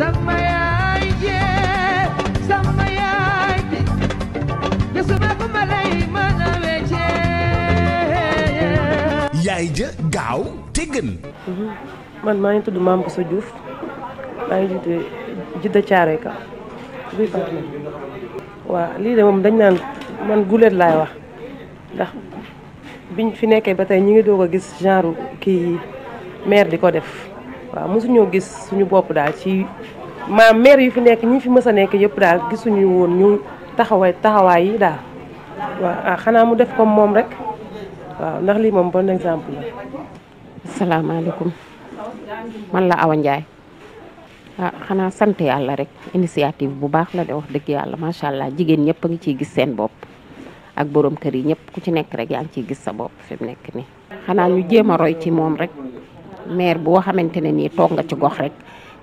sama yaay jee sama yaay ji gisuma ku ma lay mën a weccee yaay ja gaaw te gën mhm. man maa ngi tudd Maam Bousso juuf maa ngi judde judde Caaroy Kaw buy baax na waaw lii de moom dañ naan man guleet laay wax ndax biñ fi nekkee ba tey ñu ngi doog a gis genre kii maire di ko def waaw mosuñoo gis suñu bopp daal ci maam maire yi fi nekk ñi fi mës a nekk yëpp daal gisuñu woon ñu taxawaay taxawaay yi daal waaw ah, xanaa mu def comme moom rek waaw ndax lii moom bon exemple la. asalaamaaleykum man la Awa Ndiaye ah xanaa sant yàlla rek initiative bu baax la de wax dëgg yàlla macha allah jigéen ñëpp a ngi ciy gis seen bopp ak borom kër yi ñëpp ku ci nekk rek yaa ngi ciy gis sa bopp fi mu nekk nii. xanaa ñu jéem a roy ci moom rek. maire boo xamante ne nii toog nga ci gox rek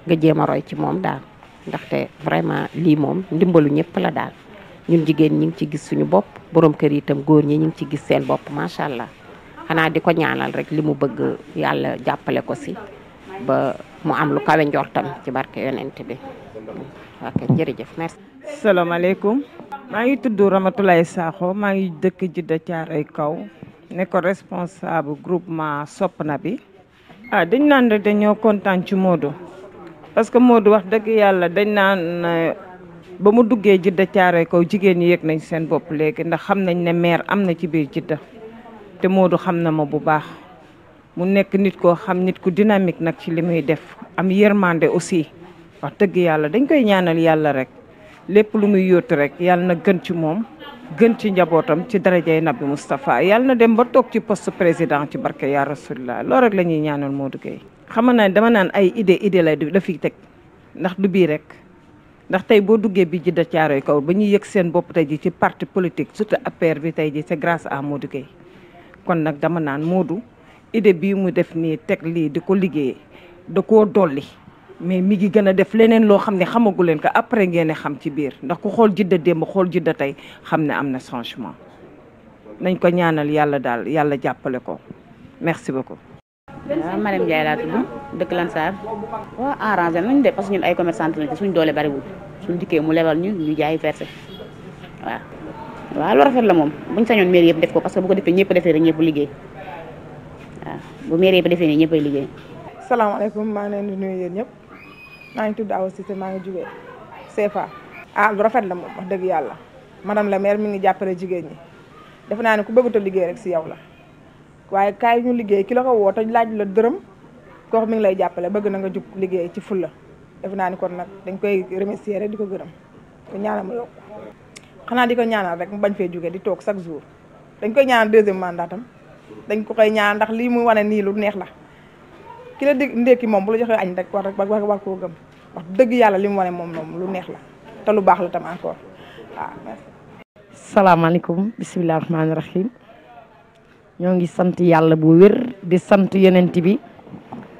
nga jéem a roy ci moom daal ndaxte vraiment lii moom ndimbalu ñëpp la daal ñun jigéen ñi ngi ci gis suñu bopp borom kër yi tam góor ñi ñu ngi ci gis seen bopp macha allah xanaa di ko ñaanal rek li mu bëgg yàlla jàppale ko si ba mu am lu kawe njortam ci barke yonent bi ok jërëjëf merci. salaamaaleykum. maa ngi tudd Ramatoulaye Sakho maa ngi dëkk Jidda Caaroy Kaw ne ko responsable groupement Sopp na bi. ah dañ naan rek dañoo kontaan ci Modou parce que moodu wax dëgg yàlla dañ naan eh, ba mu duggee jidda caare kaw jigéen ñi yëg nañ seen bopp léegi ndax xam nañ ne maire am na ci biir jidda te Modou xam na ma bu baax mu nekk nit koo xam nit ku dynamique nag ci li muy def am yërmande aussi wax dëgg yàlla dañ koy ñaanal yàlla rek lépp lu muy yóotu rek yàlla na gën ci moom gën ci njabootam ci darajay nabi Moustapha yal na dem ba toog ci poste président ci barke yaa rasulillah loolu rek la ñuy ñaanal Modou Gueye xam na dama naan ay idée idée lay la fi teg ndax du bii rek ndax tey boo duggee bi ji jidda caaroy kaw ba ñuy yëg seen bopp tey ji ci parti politique surtout APR bi tey ji c'est grâce à Modou Gueye kon nag dama naan Modou idée bii mu def nii teg lii di ko liggéey da koo dolli mais mi ngi gën a def leneen loo xam ne xamagu leen ko après ngeen xam ci biir ndax ku xool jidda démb xool jidda tey xam ne am na changement nañ ko ñaanal yàlla daal yàlla jàppale ko merci beaucoup. waaw ah, Mariam Ndiaye laa tudd dëkk Lansar waaw arrangé nañ de parce que ñun ay commerçant lañ te suñ doole bariwul suñ dikkee mu lebal ñu ñu jaay versé waaw. waaw lu rafet la moom buñ sañoon mairie yëpp def ko parce que bu ko defee ñëpp defee rek ñëpp liggéey waaw bu mairie yëpp defee nii ñëppay liggéey. salaamaaleykum maa ma leen di nuyu ñëpp. maa ngi tudd Awa Cissé maa ngi jugee CFA. ah lu rafet la moom wax dëgg yàlla madame la maire mi ngi jàppale jigéen ñi def naa ne ku bëggut liggéey rek si yow la waaye kaay ñu liggéey ki la ko woo te laaj la dërëm koo mu ngi lay jàppale bëgg na nga jug liggéey ci la def naa ni kon nag dañ koy remercier rek di ko gërëm ko ñaanal mu yokk xanaa di ko ñaanal rek mu bañ fee jugee di toog chaque jour dañ koy ñaanal deuxième mandat tam dañ ko koy ñaanal ndax lii mu wane nii lu neex la ki la dig moom bu la joxee añ rek war rek war koo gëm wax dëgg yàlla li mu wane moom moom lu neex la te lu baax la tam encore waaw merci. salaamaaleykum bisimilah ñoo ngi sant yàlla bu wér di sant yonent bi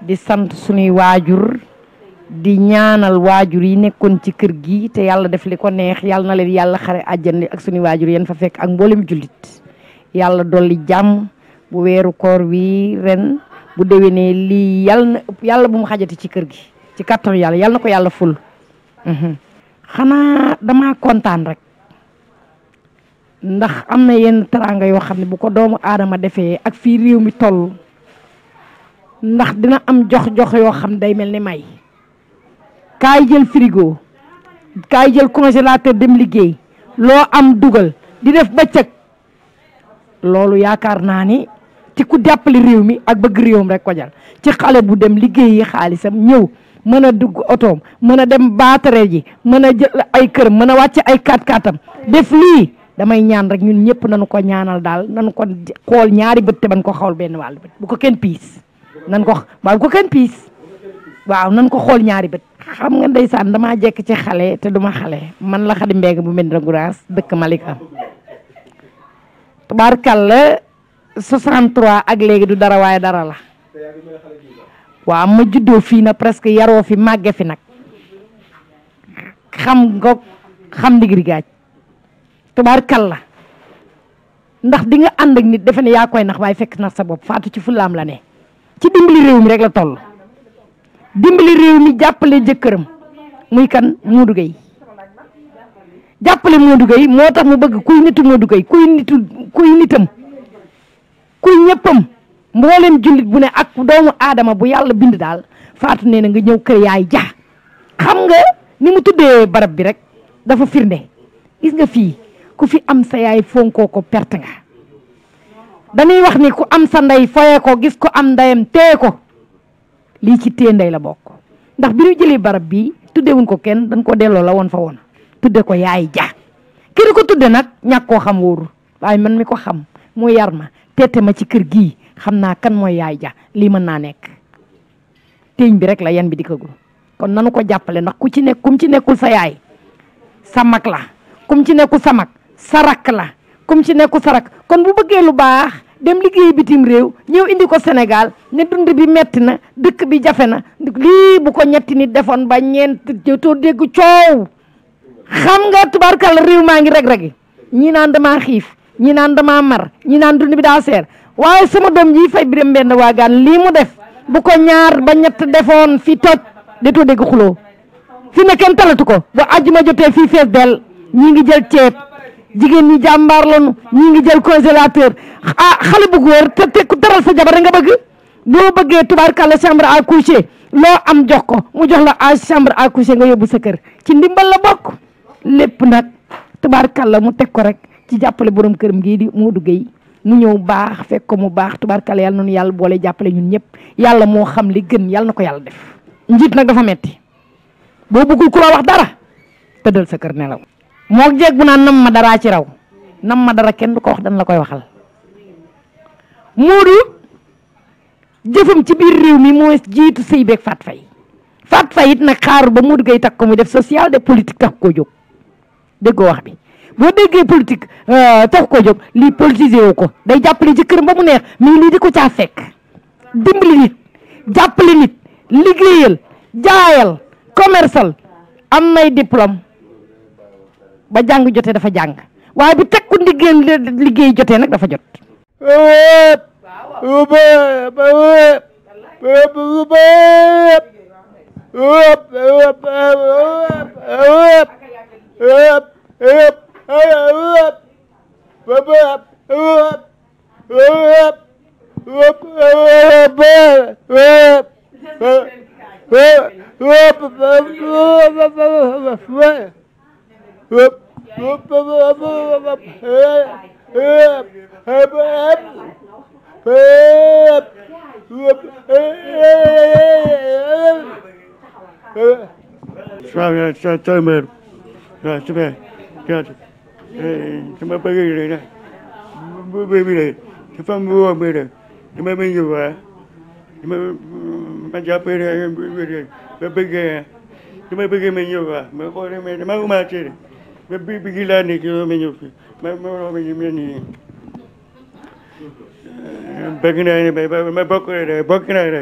di sant sunuy waajur di ñaanal waajur yi nekkoon ci kër gi te yàlla def li ko neex yàlla na leen yàlla xare àjjana ak sunuy waajur yéen fa fekk ak mboolem jullit yàlla dolli jàmm bu weeru koor wi ren. bu déwénee lii yàlla na yàlla bu mu xajati ci kër gi ci kàttan yàlla yàlla na ko yàlla ful. Mhm. xanaa dama kontaan rek ndax am na yenn teraanga yoo xam ne bu ko doomu aadama defee ak fii réew mi toll ndax dina am jox-jox yoo xam day mel ni may. kaay jël frigo kaay jël congélateur dem liggéey loo am dugal di def bëccëg loolu yaakaar naa ni. ci ku jàppale réew mi ak bëgg réewam rek ko jar ci xale bu dem liggéeyi xaalisam ñëw mën a dugg otoom mën a dem baatare ji mën a jël ay këram mën a wàcc ay kaat katam def lii damay ñaan rek ñun ñëpp nañu ko ñaanal daal nañu ko xool ñaari bët te ban ko xawal benn wàll bët bu ko kenn piis nan ko waaw ko kenn piis waaw nan ko xool ñaari bët xam nga ndeysaan damaa jekk ci xale te duma xale man la Khady Mbengue bu Médina Gounass dëkk Malika tubaarkàlla 63 ak léegi du dara waaye dara la waaw ma juddoo fii na presque yaroo fi màgge fi nag xam nga xam ndigiri gaaj kal la ndax di nga ànd ak nit defe ne yaa koy nax waaye fekk na sa bopp faatu ci fu fulaam la ne ci dimbali réew mi rek la toll dimbali réew mi jàppale jëkkëram muy kan Modou Gueye jàppale Modou Gueye moo tax mu bëgg kuy nitu Modou Gueye kuy nitu kuy nitam bokkul ñëppam mboolem jullit bu ne ak doomu aadama bu yàlla bind daal faatu nee na nga ñëw kër yaay ja xam nga ni mu tuddee barab bi rek dafa firnde gis nga fii ku fi am sa yaay fonkoo ko perte nga dañuy wax ni ku am sa ndey foye ko gis ko am ndeyam tee ko lii ci tee ndey la bokk ndax bi ñu jëlee barab bi tuddewuñ ko kenn dañ ko delloo la woon fa won tudde ko yaay ja kiri ko tudde nag ñàkk koo xam wóoru waaye man mi ko xam mu yar ma teete ma ci kër gii xam naa kan mooy yaay ja lii mën naa nekk téeñ bi rek la yan bi dikkagul kon nanu ko jàppale ndax ku ci nekk kum ci nekkul sa yaay sa mag la kum ci nekkul sa mag sa rakk la kum ci nekkul sa rakk kon bu bëggee lu baax dem liggéey bitim réew ñëw indi ko senegal ne dund bi metti na dëkk bi jafe na lii bu ko ñetti nit defoon ba ñeent jotoo dégg coow xam nga tubaarkal réew maa ngi reg-regi ñii naan damaa xiif ñi naan dama mar ñi naan dund bi daa seer waaye sama doom ji fay biram benn waagaan lii mu def bu ko ñaar ba ñett defoon fi toj di too dégg xuloo fi ne kenn talatu ko bu àjjuma jotee fii fees del ñi ngi jël ceeb jigéen ñi jàmbaar lañu ñi ngi jël congélateur ah xale bu góor te te ku sa jabar nga bëgg boo bëggee tubaarkàlla chambre à coucher loo am jox ko mu jox la à chambre à coucher nga yóbbu sa kër ci ndimbal la bokk lépp nag tubaarkàlla mu teg ko rek ci jàppale borom këram gii di Modou Gueye mu ñëw baax fekk ko mu baax tubaarkale yàlla noonu yàlla boole jàppale ñun ñëpp yàlla moo xam li gën yàlla na ko yàlla def njiit nag dafa metti boo bëggul ku la wax dara tëddal sa kër nelaw moo jeeg bu naan nam ma daraa ci raw nam ma dara kenn du ko wax dan la koy waxal Modou jëfam ci biir réew mi moo jiitu sëy beeg Faat Fay Faat Fay it nag xaarul ba Modou Gueye takk ko muy def social de politique tax koo jóg déggoo wax bi boo déggee politique tax ko jóg lii politiser ko day jàppale ci këram ba mu neex mais lii di ko ca fekk dimbali nit jàppale nit commercial am nay diplôme ba jàng jotee dafa jàng waaye bu tekku liggéey liggéey jotee nag dafa jot. Sağ ol, sağ ol, sağ ol. sama bëgg la ndax bu bëgg la dafa am woo bi la dama bëgg waa dama ma jàppale ma bëgg dama bëgg ma ñëw waa ma xoolee mais dama ko maa tere ba bi bi laa nekk yow ma ñëw fii ma ma wax ma ñu mel nii bëgg naa ne ma bokk naa ne bokk naa ne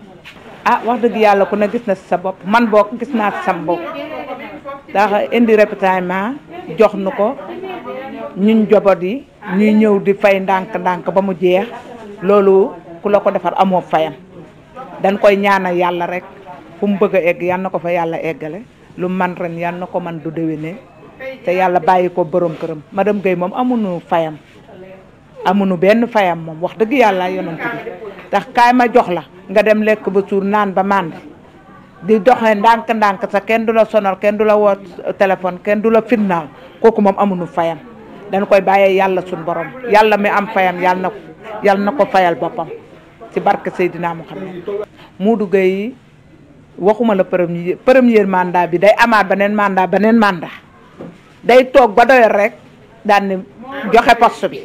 ah wax dëgg yàlla ku ne gis na si sa bopp man bokk gis naa si sam bopp ndax indi ravitaillement jox nu ko ñun jobot yi ñuy ñëw di fay ndànk-ndànk ba mu jeex loolu ku la ko defar amoo fayam dañ koy ñaanal yàlla rek fu mu bëgg a egg yal na ko fa yàlla eggale lu man ren yal na ko man du déwénee te yàlla bàyyi ko borom këram ma dem Guèye moom amu amuñu fayam amuñu benn fayam moom wax dëgg yàlla yonent tax kaay ma jox la nga dem lekk ba suur naan ba mànd di doxee ndànk-ndànk sax kenn du la sonal kenn du la woo téléphone kenn du la fitnaal kooku moom amuñu fayam dañ koy bàyyee yàlla suñ borom yàlla mi am fayam yàlla na yàlla na ko fayal boppam ci barke Seydina Muhammad Modou Gueye waxuma la premier premier bi day amaat beneen mandat beneen mandat day toog ba doyal rek daan joxe poste bi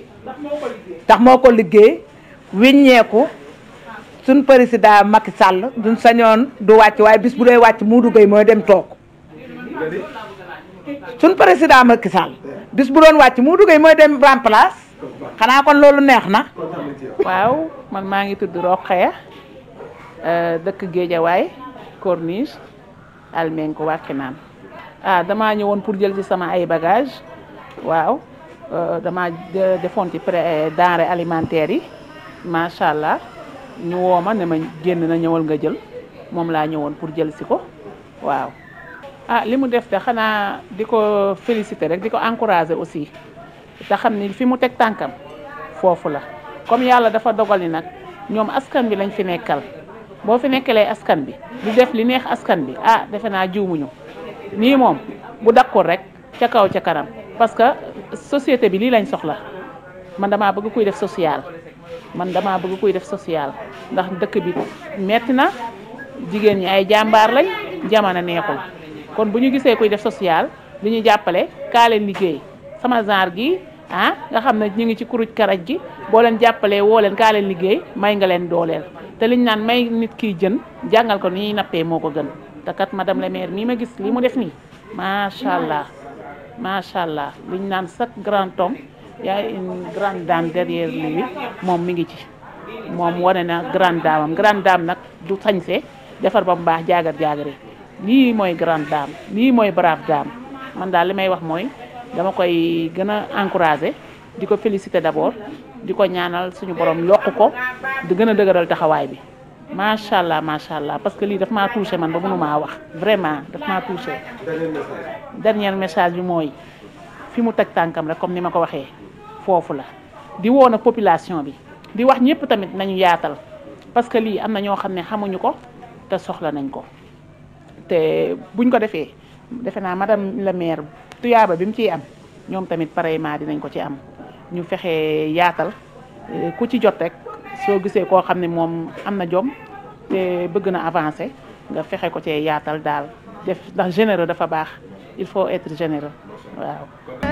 ndax moo ko liggéey wiññeeku suñ président Macky Sall duñ sañoon du wàcc waaye bis bu dee wàcc Modou Gueye mooy dem toog sun président Macky Sall bis bu doon wàcc Modou Gueye mooy dem remplace xanaa kon loolu neex na. waaw man maa ngi tudd Rokhaya euh, dëkk Géejawaay Corniche Almenko Wakhinane ah dama ñëwoon pour jël ci sama ay bagages waaw euh, dama defoon ci pré denrée alimentaire yi macha allah. ñu woo ma ne ma génn na ñëwal nga jël moom laa ñëwoon pour jël si ko waaw. ah li mu def te xanaa di ko féliciter rek di ko encourager aussi te xam ni fi mu teg tànkam foofu la comme yàlla dafa dogali nag ñoom askan bi lañ fi nekkal boo fi nekkalee askan bi di def li neex askan bi ah defe naa jiwmuñu nii moom bu dakkoon rek ca kaw ca kanam parce que société bi lii lañ soxla man damaa bëgg kuy def social. man damaa bëgg koy def social ndax dëkk bi metti na jigéen ñi ay jàmbaar lañ jamono neexul kon bu ñu gisee koy def social li ñu jàppale kaa leen liggéey sama genre gi ah nga xam ne ñu ngi ci kuruj karaj gi boo leen jàppalee woo leen kaa leen liggéey may nga leen dooleel te liñ naan may nit kiy jën jàngal ko ni ñuy nappee moo ko gën te kat madame la maire nii ma gis lii mu def nii macha allah macha allah liñ naan chaque grand homme y a une grande dame derrière lui moom mi ngi ci moom wane na grande dame am grande dame nag du sañse defar ba mu baax jaagar jaagare lii mooy grande dame lii mooy brave dame man daal li may wax mooy dama koy gën a encourager di ko féliciter d'abord di ko ñaanal suñu borom yokk ko di gën a dëgëral taxawaay bi macha allah macha allah parce que lii daf maa touché man ba mënu maa wax vraiment daf maa touché. dernier message bi mooy fi mu teg tànkam rek comme ni ma ko waxee. foofu la di woo nag population bi di wax ñëpp tamit nañu yaatal parce que lii am na ñoo xam ne xamuñu ko te soxla nañ ko te buñ ko defee defe naa madam le maire tuyaaba bi mu ciy am ñoom tamit pareillement dinañ ko ci am ñu fexe yaatal eh, ku ci jot rek soo gisee koo xam ne moom am na jom te bëgg na avancer nga fexe ko cee yaatal daal def ndax généreux dafa baax il faut être généreux waaw